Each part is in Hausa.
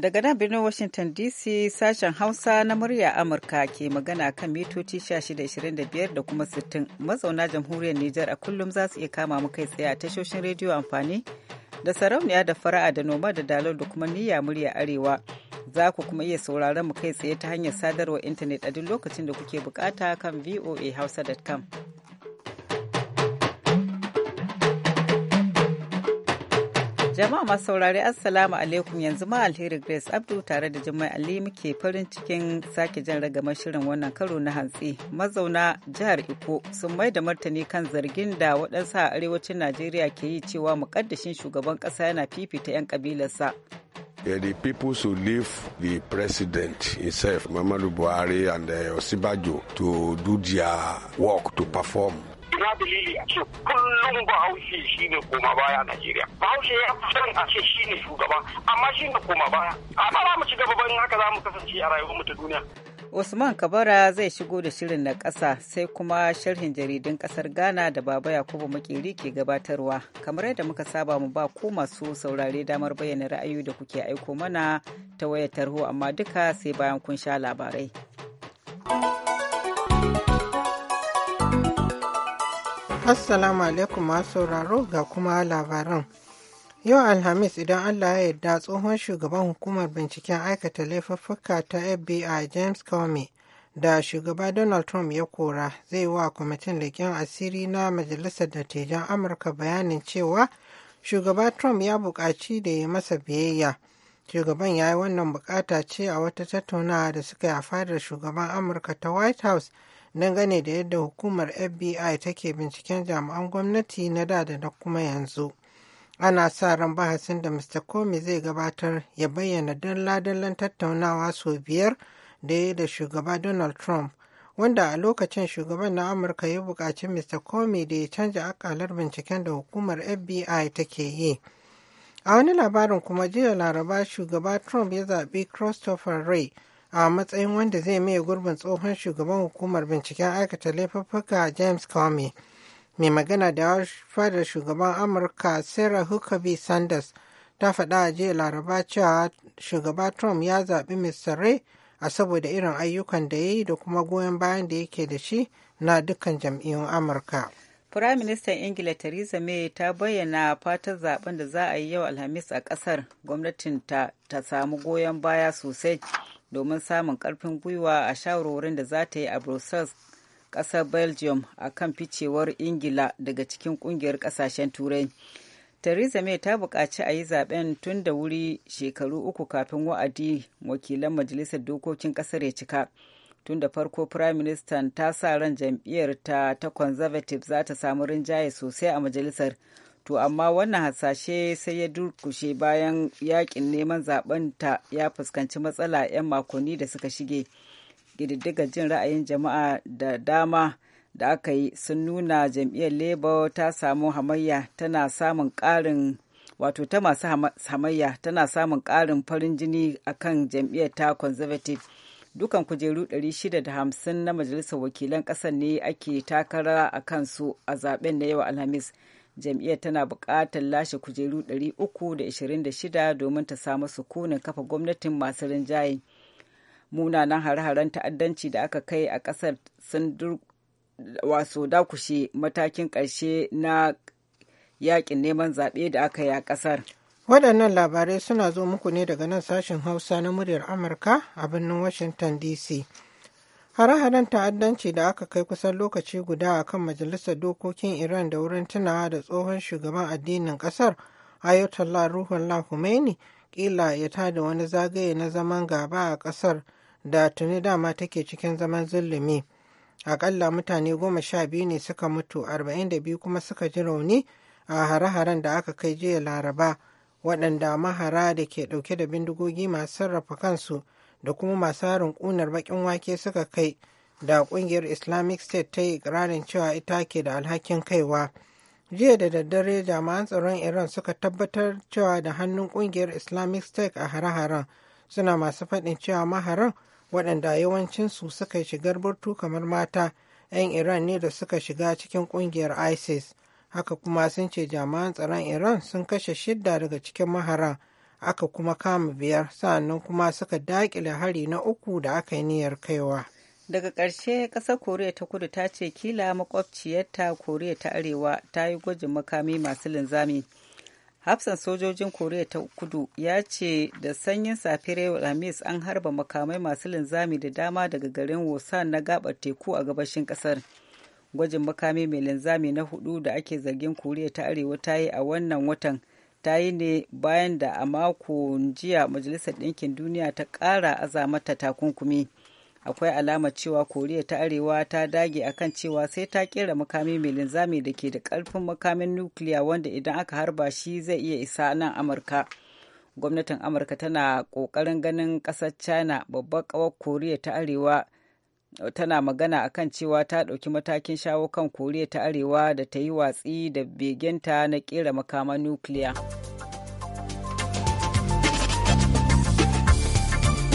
Daga nan birnin Washington DC sashen Hausa na murya Amurka ke magana kan mitoci 1625 da kuma 60 mazauna jamhuriyar Nijar a kullum za su iya kama mu kai tsaye a tashoshin rediyo amfani da sarauniya da fara'a da noma da dalar da kuma niyya murya arewa. Za ku kuma iya sauraron mu kai tsaye ta hanyar sadarwar intanet a duk lokacin da kuke bukata kan voahausa.com. Jama'a masu saurari Assalamu alaikum yanzu ma alheri Grace Abdu tare da jama'a Ali muke farin cikin sake jan ragamar shirin wannan karo na hantsi. Mazauna jihar Iko sun mai da martani kan zargin da waɗansa a arewacin Najeriya ke yi cewa mukaddashin shugaban ƙasa yana fifita 'yan kabilarsa. Yeah, the people should leave the president himself, Muhammadu Buhari and uh, Osibajo to do their work, to perform. ina dalili a ce kullum bahaushe shi ne koma baya a Najeriya. Bahaushe ya fi son a ce shi ne shugaba amma shi ne koma baya. Amma ba mu ci gaba bayan haka za mu kasance a rayuwar ta duniya. Usman Kabara zai shigo da shirin na ƙasa sai kuma sharhin jaridun ƙasar Ghana da Baba Yakubu Makeri ke gabatarwa. Kamar yadda muka saba mu ba ku masu saurare damar bayyana ra'ayoyi da kuke aiko mana ta wayar tarho amma duka sai bayan kun sha labarai. Assalamu alaikum masu sauraro ga kuma labaran. Yau Alhamis idan Allah ya yarda tsohon shugaban hukumar binciken aikata laifuffuka ta FBI James Comey da shugaba Donald Trump ya kora zai wa kwamitin leƙen asiri na Majalisar Dattijan Amurka bayanin cewa shugaba Trump ya buƙaci da ya masa biyayya. Shugaban ya yi wannan bukata ce a wata tattaunawa da suka yi a fadar shugaban Amurka ta White House dangane da yadda hukumar FBI take binciken jami'an gwamnati na da da na kuma yanzu. Ana sa ran bahasin da Mr. Comey zai gabatar ya bayyana dalla-dallan tattaunawa sau biyar da ya da shugaba Donald Trump, wanda a lokacin shugaban na Amurka ya buƙaci Mr. Comey da ya canja akalar binciken da hukumar FBI take yi. A wani labarin kuma jiya Laraba shugaba Trump ya zaɓi Christopher Ray a matsayin wanda zai maye gurbin tsohon shugaban hukumar binciken aikata laifuffuka james comey mai magana da fadar shugaban amurka sarah huckabee sanders ta faɗa a jiya laraba cewa shugaba trump ya zaɓi mr ray a saboda irin ayyukan da ya yi da kuma goyon bayan da yake da shi na dukkan jam'iyyun amurka Firaministan Ingila Theresa May ta bayyana fatan zaben da za a yi yau Alhamis a ƙasar gwamnatin ta samu goyon baya sosai domin samun karfin gwiwa a shawarwarin da za ta yi a brussels kasar belgium a kan ficewar ingila daga cikin kungiyar kasashen turai theresa may ta buƙaci a yi zaben tun da wuri shekaru uku kafin wa'adi wakilan majalisar dokokin ƙasar ya cika tun da farko prime minister ta sa ran jam'iyyar ta ta conservative za ta samu rinjaye sosai a majalisar to amma wannan hasashe sai ya durkushe bayan yakin neman zaben ta ya fuskanci matsala 'yan makonni da suka shige gididdiga jin ra'ayin jama'a da dama da aka yi sun nuna jam'iyyar labour ta samu hamayya tana samun ƙarin wato ta masu hamayya tana samun ƙarin farin jini akan jam'iyyar ta conservative dukan kujeru 650 na majalisar wakilan ƙasar ne ake takara a kansu a zaben na yau alhamis jam'iyyar tana buƙatar lashe kujeru 326 domin ta samu sukunin kafa gwamnatin masu rinjaye munanan hare-haren ta'addanci da aka kai a ƙasar sun waso dakushe matakin ƙarshe na yaƙin neman zaɓe da aka yi a ƙasar waɗannan labarai suna zo muku ne daga nan sashen hausa na muryar amurka a birnin washington dc Hare-haren ta'addanci da aka kai kusan lokaci guda a kan Majalisar Dokokin Iran da wurin tunawa da tsohon shugaban addinin ƙasar Ayatollah Ruhullah Khomeini kila ya tada wani zagaye na zaman gaba a ƙasar da tuni dama take cikin zaman zulumi. akalla mutane goma sha biyu ne suka mutu, arba'in da biyu kuma suka ji rauni a hare-haren da aka kai jiya Laraba, waɗanda mahara da ke ɗauke da bindigogi masu sarrafa kansu da kuma masu harin ƙunar baƙin wake suka kai da ƙungiyar islamic state ta yi ikirarin cewa ita ke da alhakin kaiwa jiya da daddare jami'an tsaron iran suka tabbatar cewa da hannun ƙungiyar islamic state a hare-haren suna masu faɗin cewa maharan waɗanda yawancinsu suka shigar burtu kamar mata 'yan iran ne da suka shiga cikin ƙungiyar isis haka kuma sun ce jami'an tsaron iran sun kashe shidda daga cikin maharan aka kuma kama biyar sannan kuma suka dakile hari na uku da aka yi niyyar kaiwa daga ƙarshe ƙasar koriya ta kudu ta ce kila makwabciyarta koriya ta arewa ta yi gwajin makami masu linzami hafsan sojojin koriya ta kudu ya ce da sanyin safire yau alhamis an harba makamai masu linzami da dama daga garin wosan na gabar teku a gabashin ƙasar gwajin makami mai linzami na hudu da ake zargin koriya ta arewa ta yi a wannan watan ta yi ne bayan da a mako jiya majalisar ɗinkin duniya ta ƙara aza mata takunkumi akwai alama cewa koriya ta arewa ta dage akan cewa sai ta kera makami mai linzami da ke da ƙarfin makamin nukiliya wanda idan aka harba shi zai iya isa nan amurka gwamnatin amurka tana ƙoƙarin ganin ƙasar china babbar ƙawar koriya ta arewa tana magana a kan cewa ta ɗauki matakin shawo kan koriya ta arewa da ta yi watsi da begenta na ƙera makaman nukiliya.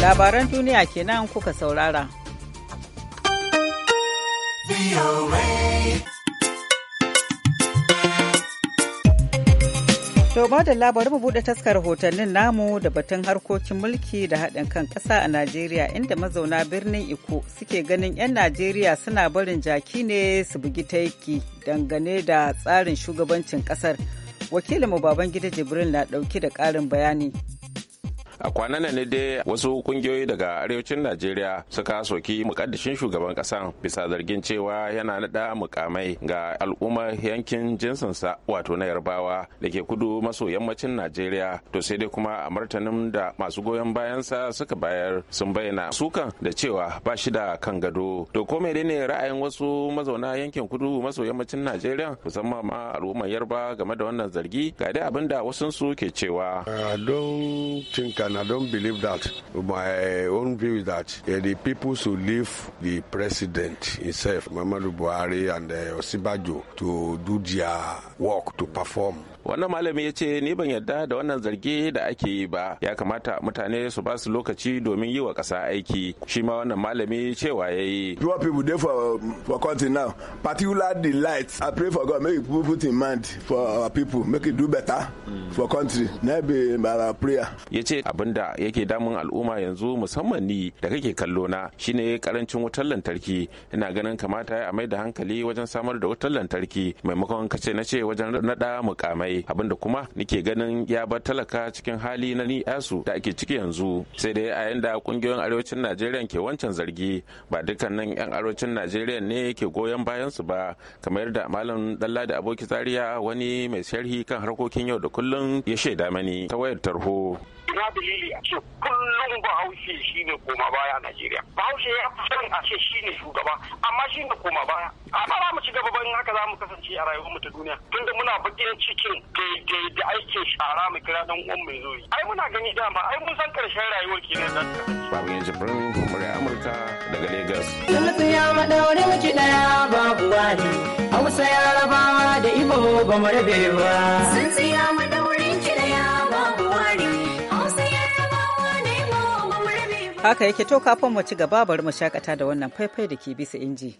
labaran duniya kenan kuka saurara. To da labarin mu buɗe taskar hotannin namu da batun harkokin mulki da haɗin kan ƙasa a Najeriya inda mazauna birnin Iko suke ganin 'yan Najeriya suna barin jaki ne su bugi taiki dangane da tsarin shugabancin ƙasar. Wakilinmu Babangida Jibril na ɗauki da ƙarin bayani. a kwanan nan ne dai wasu kungiyoyi daga arewacin najeriya suka soki mukaddashin shugaban kasan bisa zargin cewa yana nada mukamai ga al'ummar yankin jinsinsa wato na yarbawa da ke kudu maso yammacin najeriya to sai dai kuma a martanin da masu goyon bayansa suka bayar sun bayyana sukan da cewa ba shi da kan gado to ko ne ra'ayin wasu mazauna yankin kudu maso yammacin najeriya musamman ma al'ummar yarba game da wannan zargi ga dai abin da wasu su ke cewa don and I don't believe that. My uh, own view is that eh, the people should leave the president himself, Muhammadu Buhari and uh, Osibajo, to do their work, to perform wannan malami ya ce ni ban yarda da wannan zarge da ake yi ba ya kamata mutane su ba su lokaci domin yi wa kasa aiki shi ma wannan malami cewa ya yi you people dey for for country now particular the light i pray for god make you put in mind for our people make you do better for country na be my prayer ya ce abinda yake damun al'umma yanzu musamman ni da kake kallo na shine karancin wutar lantarki ina ganin kamata a mai da hankali wajen samar da wutar lantarki maimakon kace na ce wajen nada mukamai abin abinda kuma nike ganin ya bar talaka cikin hali na ni yasu da ake ciki yanzu sai dai a yanda kungiyoyin arewacin najeriya ke wancan zargi ba dukkanin yan arewacin najeriya ne ke goyon bayan su ba kamar da malam dalla da aboki tsariya wani mai sharhi kan harkokin yau da kullum ya shaida mani ta wayar tarho ina dalili a ce kullum bahaushe shi ne koma baya a Najeriya. Bahaushe ya fi son a ce shi ne shugaba amma shi ne koma baya. a za mu ci gaba ban haka za mu kasance a mu ta duniya. Tunda muna bakin cikin daidai da aike shara mu kira dan uwan mai zoyi. Ai muna gani dama ai mun san karshen rayuwar kenan nan. Babu yanzu birnin kuma Amurka daga Lagos. Lalata ya wani miki ɗaya babu wani. Hausa yarabawa da Ibo ba mu rabe ba. Sun Haka yake to kafin mu ci gaba bari mu shakata da wannan faifai da ke bisa inji.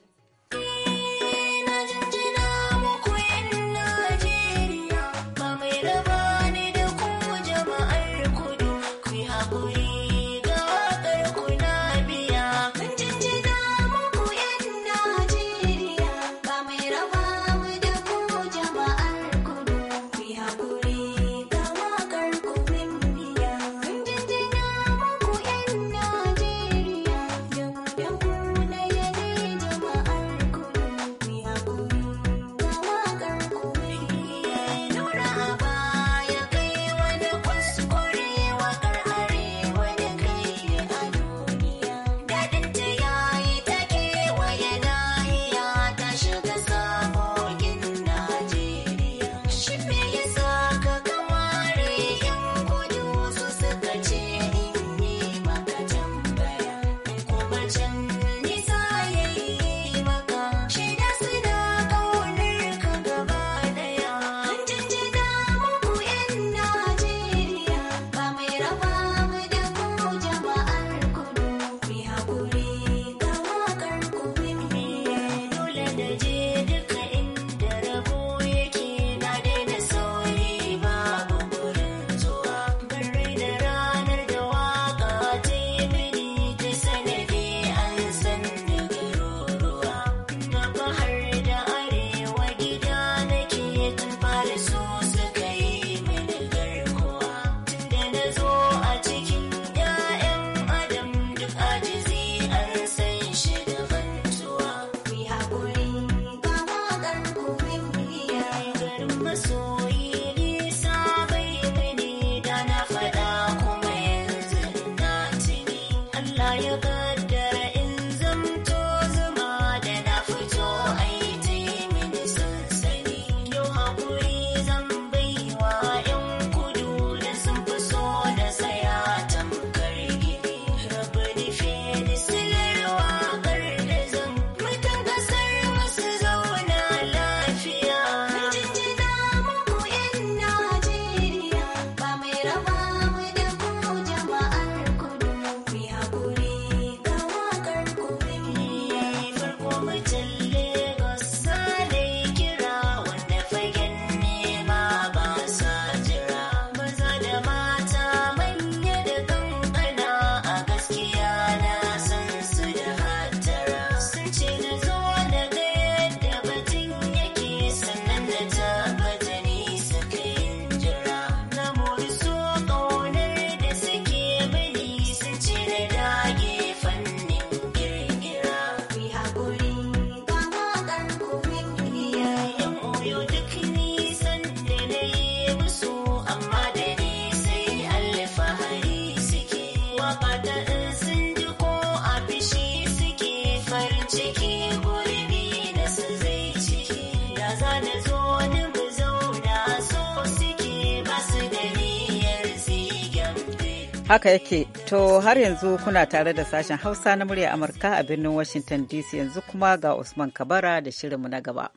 Haka yake, to har yanzu kuna tare da sashen Hausa na murya Amurka a birnin Washington DC yanzu kuma ga Usman Kabara da shirinmu na gaba.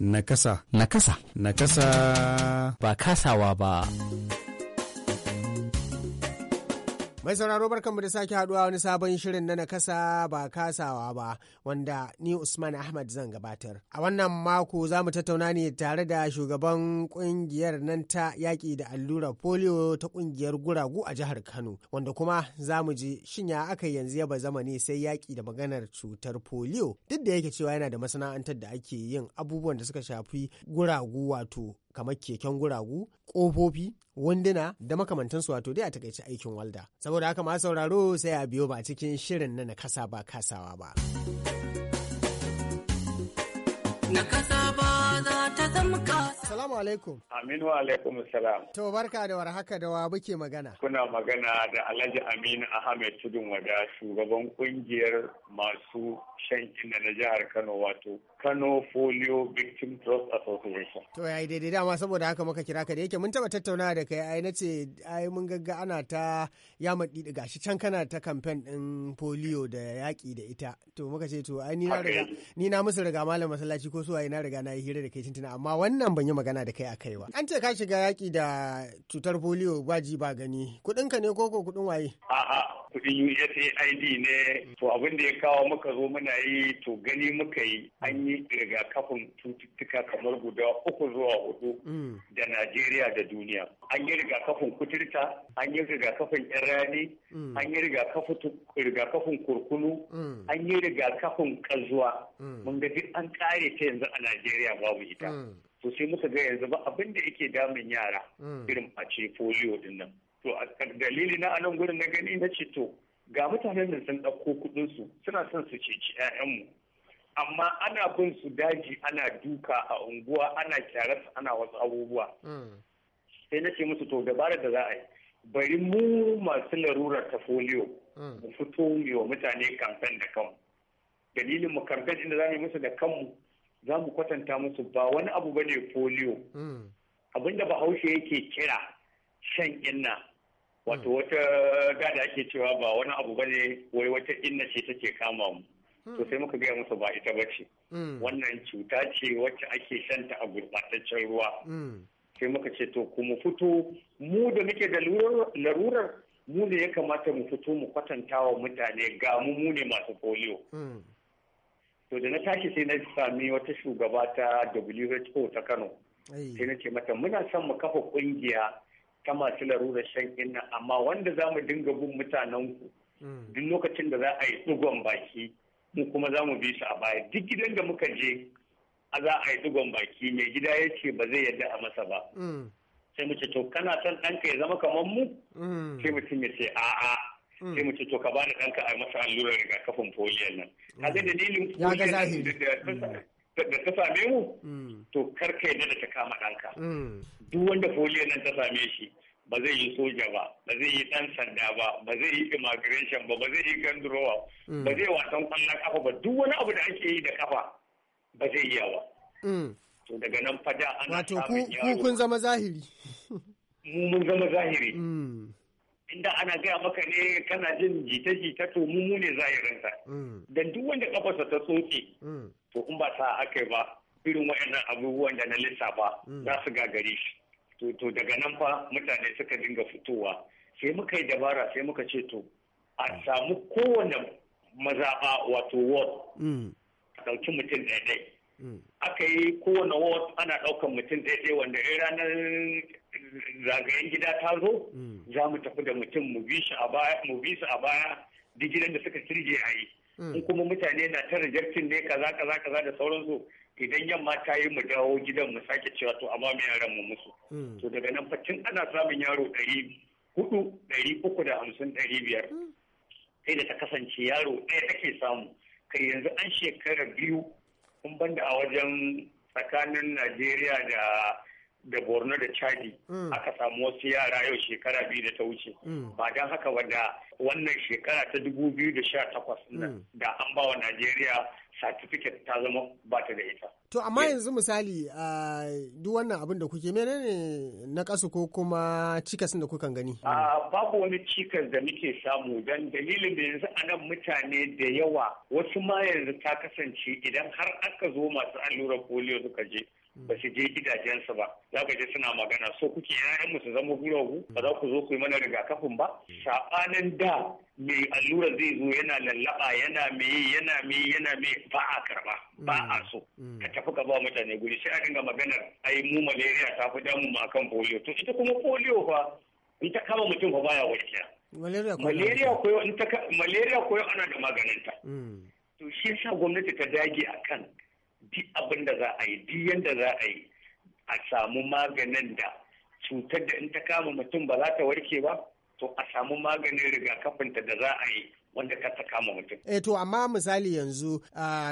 Nakasa. Nakasa. Nakasa. Ba kasawa ba. Mai sauraro barkanmu da sake haduwa wani sabon shirin na nakasa ba kasawa ba wanda ni Usman Ahmad zan gabatar. A wannan mako za mu tattauna ne tare da shugaban kungiyar nan ta yaƙi da allurar polio ta kungiyar guragu a jihar Kano wanda kuma za mu ji shinya aka yanzu ya ba zama ne sai yaƙi da maganar cutar polio duk da yake cewa yana da masana'antar da ake yin abubuwan da suka shafi guragu wato kamar keken guragu ƙofofi wunduna da makamantansu wato dai a takaice aikin walda saboda haka masu sauraro sai a biyo ba cikin shirin na nakasa ba kasawa ba nakasa ba za ta Salamu alaikum. Aminu alaikum salam. To barka da warhaka da wa muke magana. Kuna magana da Alhaji Aminu Ahmed Tudun Wada shugaban kungiyar masu shan inna na jihar Kano wato Kano Folio Victim Trust Association. To yi daidai dama saboda haka muka kira ka da yake mun taba tattaunawa da kai ai nace ai mun gagga ana ta yama didi shi can kana ta campaign din polio da yaki da ita. To muka ce to ai ni na riga ni na musu riga malam masallaci ko su ai na riga na yi hira da kai tuntuna amma wannan ban yi magana da kai a Kai ba an ce ka shiga yaƙi da cutar polio gwaji ba gani kuɗin ka ne ko ko kuɗin waye a'a kuɗin USAID ne to abin da ya kawo muka zo muna yi to gani muka yi an yi rigakafin cututtuka kamar guda uku zuwa hudu mm. da Najeriya da duniya an yi rigakafin kuturta an yi rigakafin irani mm. an yi rigakafin kurkunu mm. an yi rigakafin kazuwa mun ga duk an kare ta yanzu a Najeriya babu ita to sai muka ga yanzu ba abin da yake damun yara mm. irin face folio din nan to a dalili na anan gurin na gani na ce to ga mutanen da sun ɗauko kuɗin su suna son su ceci mu amma ana bin su daji ana duka a unguwa ana su ana wasu abubuwa mm. sai na ce musu to dabarar da za a yi bari mu masu larurar ta folio mm. mu fito mu wa mutane kamfen da kanmu dalilin mu kamfen inda za mu musu da kanmu za mu kwatanta musu ba wani abu ba ne polio hmm. abinda bahaushe yake kira shan inna wato hmm. wata gada ake cewa ba wani abu ba ne wai wata inna ce take kama mu hmm. to sai muka gaya musu ba ita ba ce wannan cuta ce wacce ake shanta a gurbataccen ruwa sai muka ce to kuma fito mu da muke da larurar mu ne ya kamata mu fito mu kwatanta wa mutane ga mu mu ne masu polio to da na tashi sai na sami wata shugaba ta WHO ta Kano sai na ce mata muna son mu kafa kungiya ta masu larurar shan inna amma wanda za mu dinga bin mutanen ku hmm. duk lokacin da za a yi digon baki mu kuma za mu bi su a baya duk gidan da muka je a za a yi digon baki mai gida ya ce ba zai yadda a masa ba hmm. sai mu ce to kana son ɗanka ya zama kamar mu hmm. sai mutum ya ce a'a sai mu ce to ka bani ɗanka a masa allurar rigakafin foliyan nan kaga dalilin foliyan mm. da ta same mu mm. to kar kai yadda da ta kama ɗanka mm. duk wanda foliyan nan ta same shi ba zai yi soja ba ba zai yi dan sanda ba ba zai yi immigration ba ba zai yi gandurowa ba zai wasan kwallon kafa ba duk wani abu da ake yi da kafa ba zai yi yawa to daga nan fada ana samun wato ku kun zama zahiri mu mun zama zahiri inda ana gaya maka ne kana jin jita-jita to mu ne ranta mm. dan duk wanda kafarsa ta soke mm. to in ba sa aka ba irin waɗannan abubuwan da na lissafa mm. za su gagare shi to daga nan fa mutane suka dinga fitowa sai muka yi dabara sai muka ce to a samu kowane mazaɓa wato ward a ɗauki mutum ɗaya Mm. aka yi kowane ward ana ɗaukan mutum ɗaya wanda ya ranar zagayen gida ta zo mm. za mu tafi da mutum mu bi su a baya duk da suka kirge a yi mm. in kuma mutane na ta rejectin ne kaza kaza kaza da sauransu idan yamma ta yi mu dawo gidan mu sake cewa to amma mai yaran mu musu to daga nan fatin ana samun yaro ɗari hudu ɗari uku da hamsin ɗari biyar sai da ta kasance yaro ɗaya take samu kai yanzu an shekara biyu ban da a wajen tsakanin najeriya da da borno da chadi mm. aka samu wasu yara yau shekara biyu da ta wuce mm. ba don haka wanda wannan shekara ta 2018 hmm. nan da an ba wa Najeriya certificate ta zama ba ta da ita. To amma yanzu misali a duk wannan abin da kuke menene na kasu ko kuma cikasin da kukan gani? babu wani cikas da muke samu don dalilin da yanzu nan mutane da yawa wasu ma yanzu ta kasance idan har aka zo masu allurar polio suka je ba su je gidajensu ba za ka je suna magana so kuke yayan su zama guragu ba za ku zo ku yi mana rigakafin ba sabanin da mai allura zai zo yana lallaba yana mai yana mai yana mai ba a karba ba a mm, so mm. ka tafi ka ba mutane guri sai a dinga maganar ai mu malaria ta fi damu ma akan polio to ita kuma polio fa in ta kama mutum fa baya warkiya malaria ko in ta malaria ko ana da maganin ta. Mm. to shi yasa gwamnati ta dage akan duk abin da za a yi duk yadda za a yi a samu maganin da cutar da in ta kama mutum ba za ta warke ba to a samu maganin rigakafinta da za a yi wanda ka ta kama mutum. E to amma misali yanzu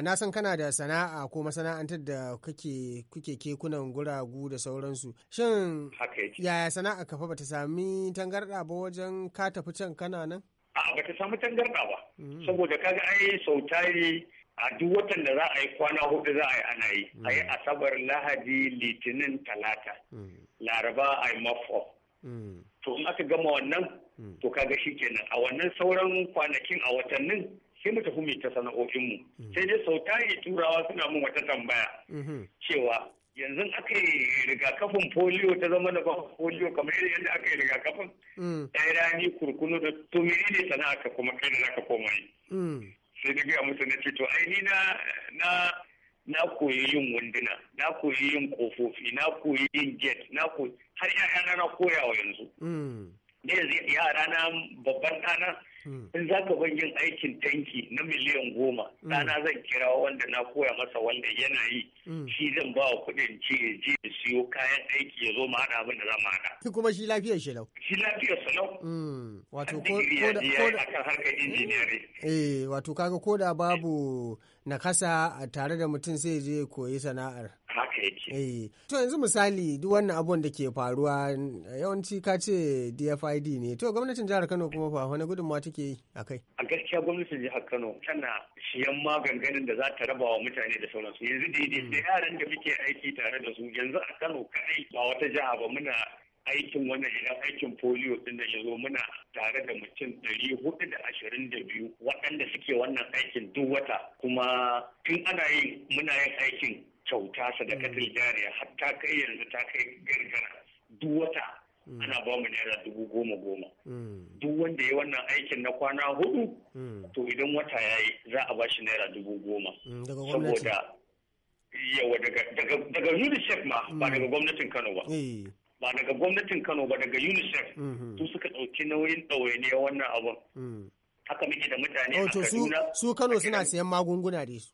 na san kana da sana'a ko masana'antar da kake kuke kekunan guragu da sauransu. Shin yaya sana'a kafa fa bata sami tangarɗa ba wajen ka tafi can kana nan? A'a bata samu tangarɗa ba. Mm. Saboda kaga ai sautari a duk watan da za a yi kwana hudu za a yi ana yi a yi mm. asabar lahadi litinin talata mm. laraba a yi mafo mm. to in aka gama wannan to kaga shi kenan a wannan sauran kwanakin a watannin sai mu tafi mai ta sana'o'inmu sai dai sau tari turawa suna mun wata tambaya mm-hmm. cewa yanzu aka yi rigakafin polio ta zama da polio kamar yadda aka yi rigakafin ɗaya rani kurkunu da to menene sana'a ka kuma kai da zaka koma yi sai na gaya musu na ce to ai ni na na na koyi yin wunduna na koyi yin kofofi na koyi yin get na koyi har 'ya'yana na koyawa yanzu mm. ne yara na babban dana hmm. in za ka ban yin aikin tanki na miliyan goma dana hmm. zan kira wanda na koya masa wanda yana yi hmm. shi zan ba wa kuɗin ce ya je ya siyo kayan aiki ya zo mu haɗa abin da za mu haɗa. kuma shi lafiyar shi lau. shi lafiyar shi lau. wato ko da ko da akan harkar eh wato kaga ko da babu. na kasa tare da mutum sai je koyi sana'ar haka eh, to yanzu misali duk wannan abun da ke faruwa yawanci ka ce DFID ne to gwamnatin jihar Kano kuma fa wani gudunmawa take yi akai a gaskiya gwamnatin jihar Kano tana siyan maganganun da za ta raba wa mutane da sauransu yanzu da yaran da muke aiki tare da su yanzu a Kano kaɗai. ba wata jiha ba muna aikin wannan idan aikin polio din da ya muna tare da mutum ɗari hudu da ashirin da biyu waɗanda suke wannan aikin duk wata kuma tun ana yi muna yin aikin kyauta katin mm. jariya hatta kai yanzu ta kai gargara duk wata mm. ana ba mu naira dubu goma goma. Mm. Duk wanda ya wannan aikin na kwana hudu, to idan wata ya yi za a ba shi naira dubu goma. Saboda yawa daga UNICEF ma ba daga gwamnatin Kano ba. Eh. ba daga gwamnatin Kano ba daga UNICEF mm-hmm. su suka ɗauki nauyin ɗawainiya wannan abun. Mm. Haka muke da mutane a oh, Kaduna. Su Kano suna siyan magunguna da su.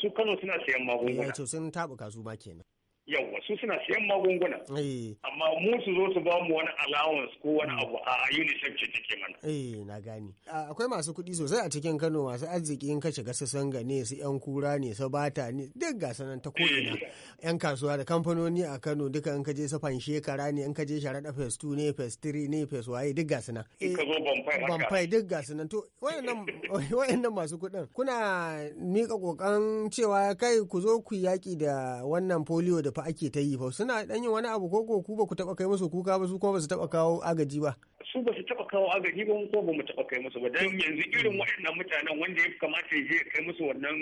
su Kano suna siyan magunguna. sun taɓuka su ba kenan. yawa su suna siyan magunguna eh. amma mu su zo su ba mu wani allowance ko wani hmm. abu a unicef ce take mana eh na gani akwai masu kuɗi sosai a cikin kano masu arziki in ka shiga su sanga ne su yan kura ne su bata ne duk ga sanan ta kodina yan eh. kasuwa da kamfanoni a kano duka in ka je su shekara ne in ka je sharaɗa fes 2 ne fes 3 ne fes waye duk ga sanan in ka zo eh, bamfai duk ga sanan to wayannan masu kuɗin kuna mika kokan cewa kai ku zo ku yaki da wannan polio da fa ake ta yi fa suna dan yin wani abu ko ko ku ba ku taba kai musu kuka ba su kuma ba su taba kawo agaji ba su ba su taba kawo agaji ba ko ba mu taba kai musu ba dan yanzu irin waɗannan mutanen wanda ya kamata ya je kai musu wannan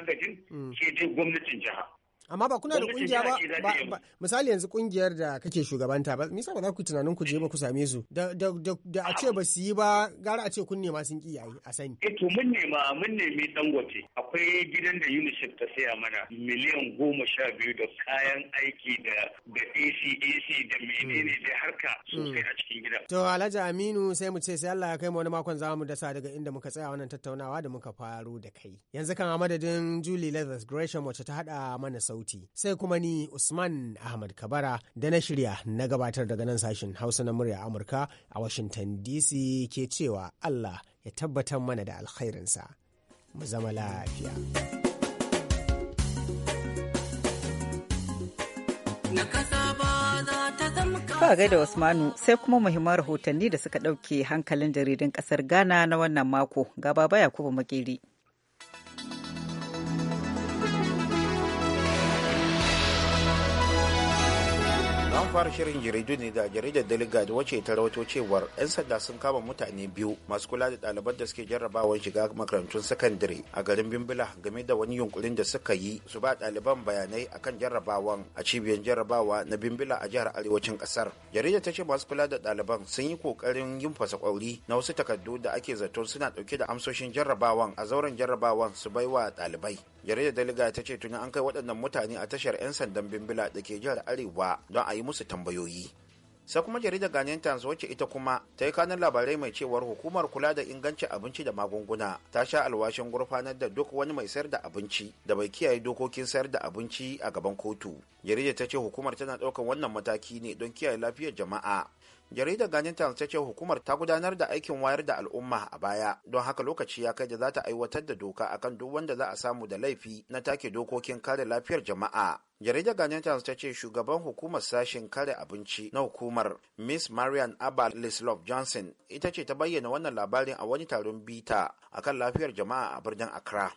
agajin ke mm. dai gwamnatin jiha amma ba kuna da kungiya ba misali yanzu kungiyar da kake shugabanta ba misa ba za ku yi tunanin ku je ba ku same su da a ce ba su yi ba gara a ce kun nema sun ki a sani eh to mun nema mun nemi dangote akwai gidan da UNICEF ta saya mana miliyan goma sha biyu da kayan aiki da da ac da menene hmm. da harka sosai hmm. a cikin gida to Alhaji Aminu sai mu ce sai Allah ya kai mu wani makon za mu dasa daga inda muka tsaya wannan tattaunawa da muka faro da kai yanzu kan a madadin Julie Leathers Gresham wacce ta hada mana sauri. sauti sai kuma ni Usman Ahmad Kabara da na shirya na gabatar daga nan sashen Hausa na murya Amurka a Washington DC ke cewa Allah ya tabbatar mana da alkhairinsa. Mu zama lafiya. Ba gaida Usmanu sai kuma muhimman rahotanni da suka ɗauke hankalin jaridun ƙasar Ghana na wannan mako gaba baya kuma makeri. fara shirin jaridu ne da jaridar Delegate wacce ta rawato cewar 'yan sanda sun kama mutane biyu masu kula da ɗaliban da suke jarrabawar shiga makarantun sakandare a garin Bimbila game da wani yunkurin da suka yi su ba ɗaliban bayanai akan jarrabawan a cibiyar jarrabawa na Bimbila a jihar Arewacin kasar Jaridar ta ce masu kula da ɗaliban sun yi kokarin yin fasa kwauri na wasu takardu da ake zato suna ɗauke da amsoshin jarrabawan a zauren jarrabawan su bai wa ɗalibai. Jaridar Delegate ta ce tuni an kai waɗannan mutane a tashar 'yan sandan Bimbila da ke jihar Arewa don a yi musu masu tambayoyi sai kuma jaridar ganin Times wacce ita kuma ta yi kanin labarai mai cewar hukumar kula da ingancin abinci da magunguna ta sha alwashin gurfanar da duk wani mai sayar da abinci da bai kiyaye dokokin sayar da abinci a gaban kotu. Jaridar ta ce hukumar tana ɗaukar wannan mataki ne don kiyaye lafiyar jama'a jaridar Guardian Times ta ce hukumar ta gudanar da aikin wayar da al'umma a baya don haka lokaci ya kai da za ta aiwatar da doka akan duk wanda za a samu da laifi na take dokokin kare lafiyar jama'a. Jaridar Guardian Times ta ce shugaban hukumar sashen kare abinci na hukumar Miss Marian Abba Lislov Johnson ita ce ta bayyana wannan labarin a wani taron bita akan lafiyar jama'a a birnin Accra.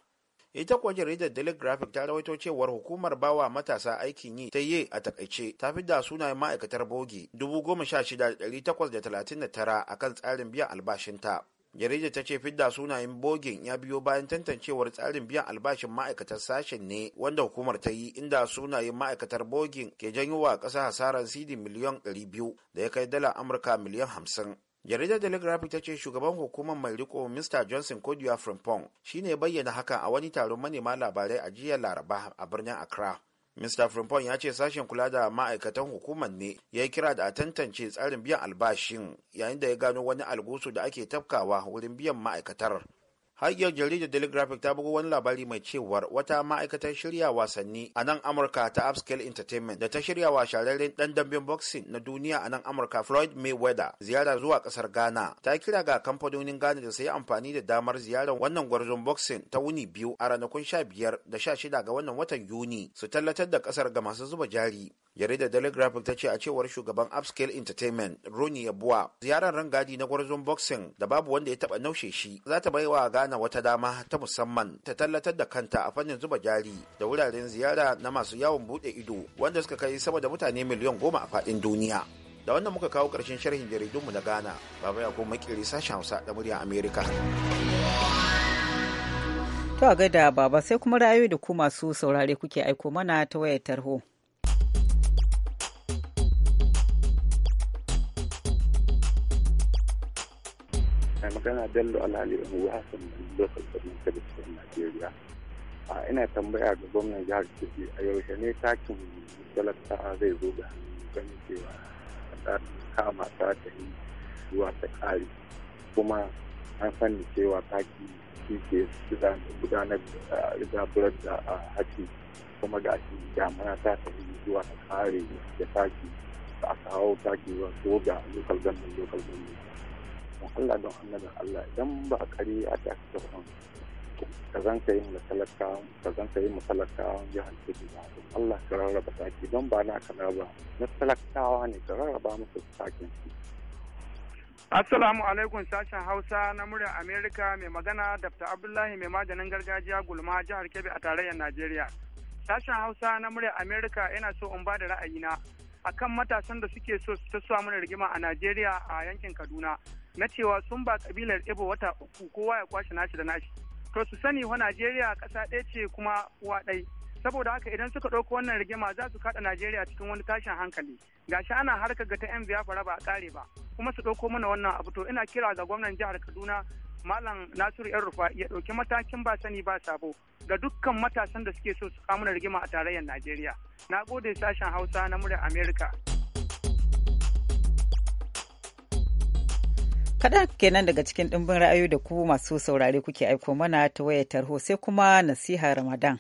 ita kuwa jaridar daily graphic ta rawaito cewar hukumar bawa matasa aikin yi ta yi a takaice ta fi da sunayen ma'aikatar bogi 16,839 kan tsarin biyan albashinta jaridar ta ce fidda sunayen bogin ya biyo bayan tantancewar tsarin biyan albashin ma'aikatar sashen ne wanda hukumar ta yi inda sunayen ma'aikatar bogin ke janyo wa ƙasa hasarar sidi miliyan 200 da ya kai dala amurka miliyan 50 jaridar telegraphic ta ce shugaban hukumar mai riko mr johnson kodiya frimpong shine bayyana haka a wani taron manema labarai a jiya laraba a birnin accra mr frimpong ya ce sashen kula da ma'aikatan hukumar ne ya yi kira da a tantance tsarin biyan albashin yayin da ya gano wani algusu da ake tafkawa wurin biyan ma'aikatar Hagiyar jaridar Daily Graphic ta bugo wani labari mai cewar wata ma'aikatar shirya wasanni a nan Amurka ta Upscale Entertainment da ta shirya wa shararren dan damben boxing na duniya a nan Amurka Floyd Mayweather ziyara zuwa kasar Ghana. Ta kira ga kamfanonin Ghana da su yi amfani da damar ziyarar wannan gwarzon boxing ta wuni biyu a ranakun sha biyar da sha shida ga wannan watan Yuni su tallatar da kasar ga masu zuba jari. jaridar daily ta ce a cewar shugaban upscale entertainment roni yabuwa ziyarar rangadi na gwarzon boxing da babu wanda ya taba naushe shi za ta baiwa gana wata dama ta musamman ta tallatar da kanta a fannin zuba jari da wuraren ziyara na masu yawon bude ido wanda suka kai sama da mutane miliyan goma a faɗin duniya da wannan muka kawo ƙarshen sharhin jaridunmu na ghana baba ya kuma makiri sashen hausa da muryar america to a gaida baba sai kuma ra'ayoyi da ku masu saurare kuke aiko mana ta wayar tarho mai magana bello alhali unguwa hassan lokacin da kebbi cikin najeriya a ina tambaya ga gwamnan jihar kebbi a yaushe ne takin talaka zai zo da ganin cewa ta kama ta ta yi zuwa ta kare kuma an sani cewa taki shi ke gudanar da rigaburar da haki kuma ga shi damana ta ta yi zuwa ta kare da taki ba a kawo taki zuwa ko ga lokal gandun lokal gandun don Allah don annabin Allah idan ba a kare a ta ka son ka zan ka yi masalaka ka zan ka yi masalaka jihar Kebbi ba don Allah ka rarraba taki don ba na ka ba na talakawa ne ka rarraba musu takin su. Assalamu alaikum sashen Hausa na murya Amerika mai magana Dr. Abdullahi mai maganin gargajiya gulma jihar Kebbi a tarayyar Najeriya. Sashen Hausa na murya Amerika yana so in ba da ra'ayina akan matasan da suke so su ta mana rigima a Najeriya a yankin Kaduna. na cewa sun ba kabilar Ibo wata uku kowa ya kwashe nashi da nashi. To su sani wa Najeriya ƙasa ɗaya ce kuma uwa ɗai Saboda haka idan suka ɗauko wannan rigima za su kaɗa Najeriya cikin wani tashin hankali. Gashi ana harka ga ta 'yan biyafara ba a ƙare ba. Kuma su ɗauko mana wannan abu to ina kira ga gwamnan jihar Kaduna Malam Nasiru ‘yan rufa ya ɗauki matakin ba sani ba sabo ga dukkan matasan da suke so su kamuna rigima a tarayyar Najeriya. Na gode sashen Hausa na murya Amerika. kaɗan kenan daga cikin ɗimbin ra'ayoyi da ku masu saurare kuke aiko mana ta wayar tarho sai kuma nasiha ramadan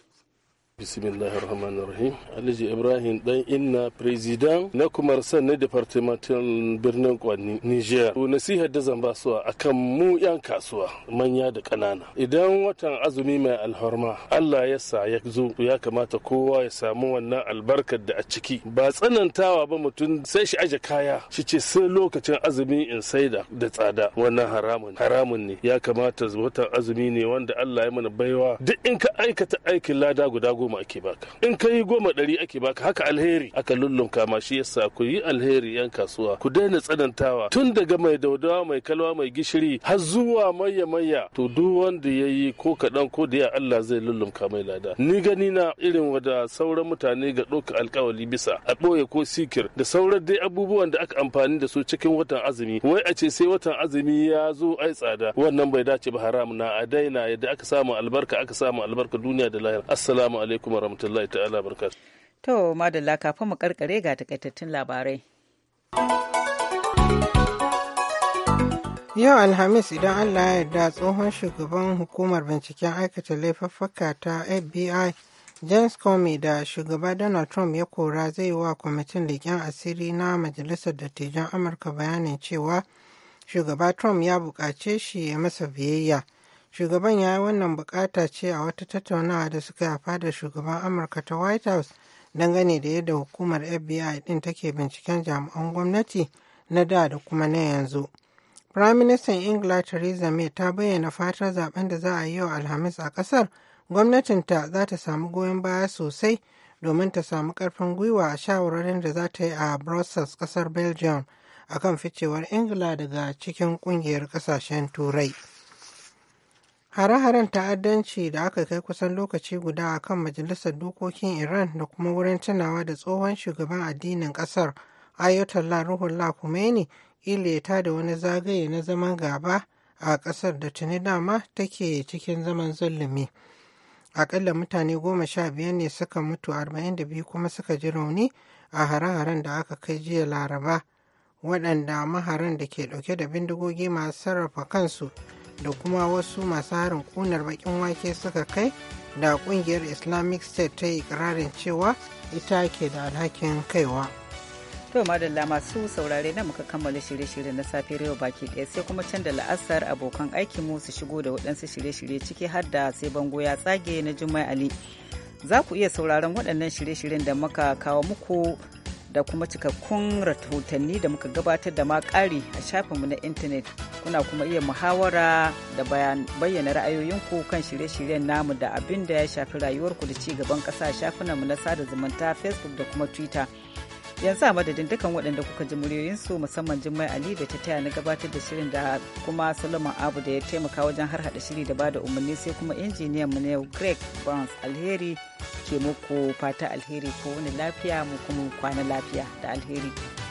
bismillahir rahmanir rahim alhaji ibrahim dan inna president na kumarsan na departamental birnin kwanni niger to nasihar da zan basuwa akan mu yan kasuwa manya da kanana idan watan azumi mai alhorma allah ya sa ya zo ya kamata kowa ya samu wannan albarkar da a ciki ba tsanantawa ba mutum sai shi aje kaya shi ce sai lokacin azumi in saida da tsada wannan haramun haramun ne ya kamata watan azumi ne wanda allah ya mana baiwa duk in ka aikata aikin lada guda goma goma ake baka in ka yi goma ɗari ake baka haka alheri aka lullunka ma shi yasa ku yi alheri yan kasuwa ku daina tsanantawa tun daga mai daudawa mai kalwa mai gishiri har zuwa manya manya to duk wanda ya yi ko kaɗan ko da ya Allah zai lullunka mai lada ni gani na irin wada sauran mutane ga ɗauka alkawali bisa a ɓoye ko sikir da sauran dai abubuwan da aka amfani da su cikin watan azumi wai a ce sai watan azumi ya zo ai tsada wannan bai dace ba haram na a daina yadda aka samu albarka aka samu albarka duniya da lahira assalamu alaikum alaikum wa rahmatullahi ta'ala To, madalla kafin mu karkare ga takaitattun labarai. Yau Alhamis idan Allah ya yarda tsohon shugaban hukumar binciken aikata laifafaka ta FBI James Comey da shugaba Donald Trump ya kora zai wa kwamitin leƙen asiri na Majalisar Dattijan Amurka bayanin cewa shugaba Trump ya buƙace shi ya masa biyayya shugaban ya yi wannan bukata ce a wata tattaunawa da suka yafa da shugaban amurka ta white house dangane da yadda hukumar fbi din take binciken jami'an gwamnati na da da kuma na yanzu firaministan ingila theresa may ta bayyana fatar zaben da za a yi wa alhamis a kasar gwamnatinta za ta samu goyon baya sosai domin ta samu karfin gwiwa a shawararin da za ta yi a brussels kasar belgium akan ficewar ingila daga cikin kungiyar kasashen turai Hare-haren ta'addanci da aka kai kusan lokaci guda a kan Majalisar Dokokin Iran da kuma wurin tunawa da tsohon shugaban addinin ƙasar Ayatollah Ruhullah Khomeini ileta da wani zagaye na zaman gaba a ƙasar da tuni dama take cikin zaman zulumi. akalla mutane goma sha biyar ne suka mutu arba'in da biyu kuma suka ji rauni a hare-haren da aka kai jiya Laraba waɗanda maharan da ke ɗauke da bindigogi masu sarrafa kansu da kuma wasu masu harin kunar bakin wake suka kai da kungiyar islamic state ta yi ikirarin cewa ita ke da alhakin kaiwa to madalla masu saurare na muka kammala shirye-shirye na safiyar yau baki ɗaya sai kuma can da la'asar abokan mu su shigo da waɗansu shirye-shirye ciki har da sai bango ya tsage na jumai ali za ku iya sauraron waɗannan shirye-shiryen da muka kawo muku da kuma cikakkun rahotanni da muka gabatar da ma ƙari a shafinmu na intanet kuna kuma iya muhawara da bayyana ra'ayoyinku kan shirye-shiryen namu da abin da ya shafi rayuwarku da ci gaban ƙasa shafinanmu na sada zumunta facebook da kuma twitter yanzu a madadin dukkan waɗanda kuka ji muryoyinsu musamman jimmai ali da ta taya na gabatar da shirin da kuma solomon abu da ya taimaka wajen har hada shiri da bada umarni sai kuma injiniyan mu na yau greg barnes alheri ke muku fata alheri ko wani lafiya mu kuma kwana lafiya da alheri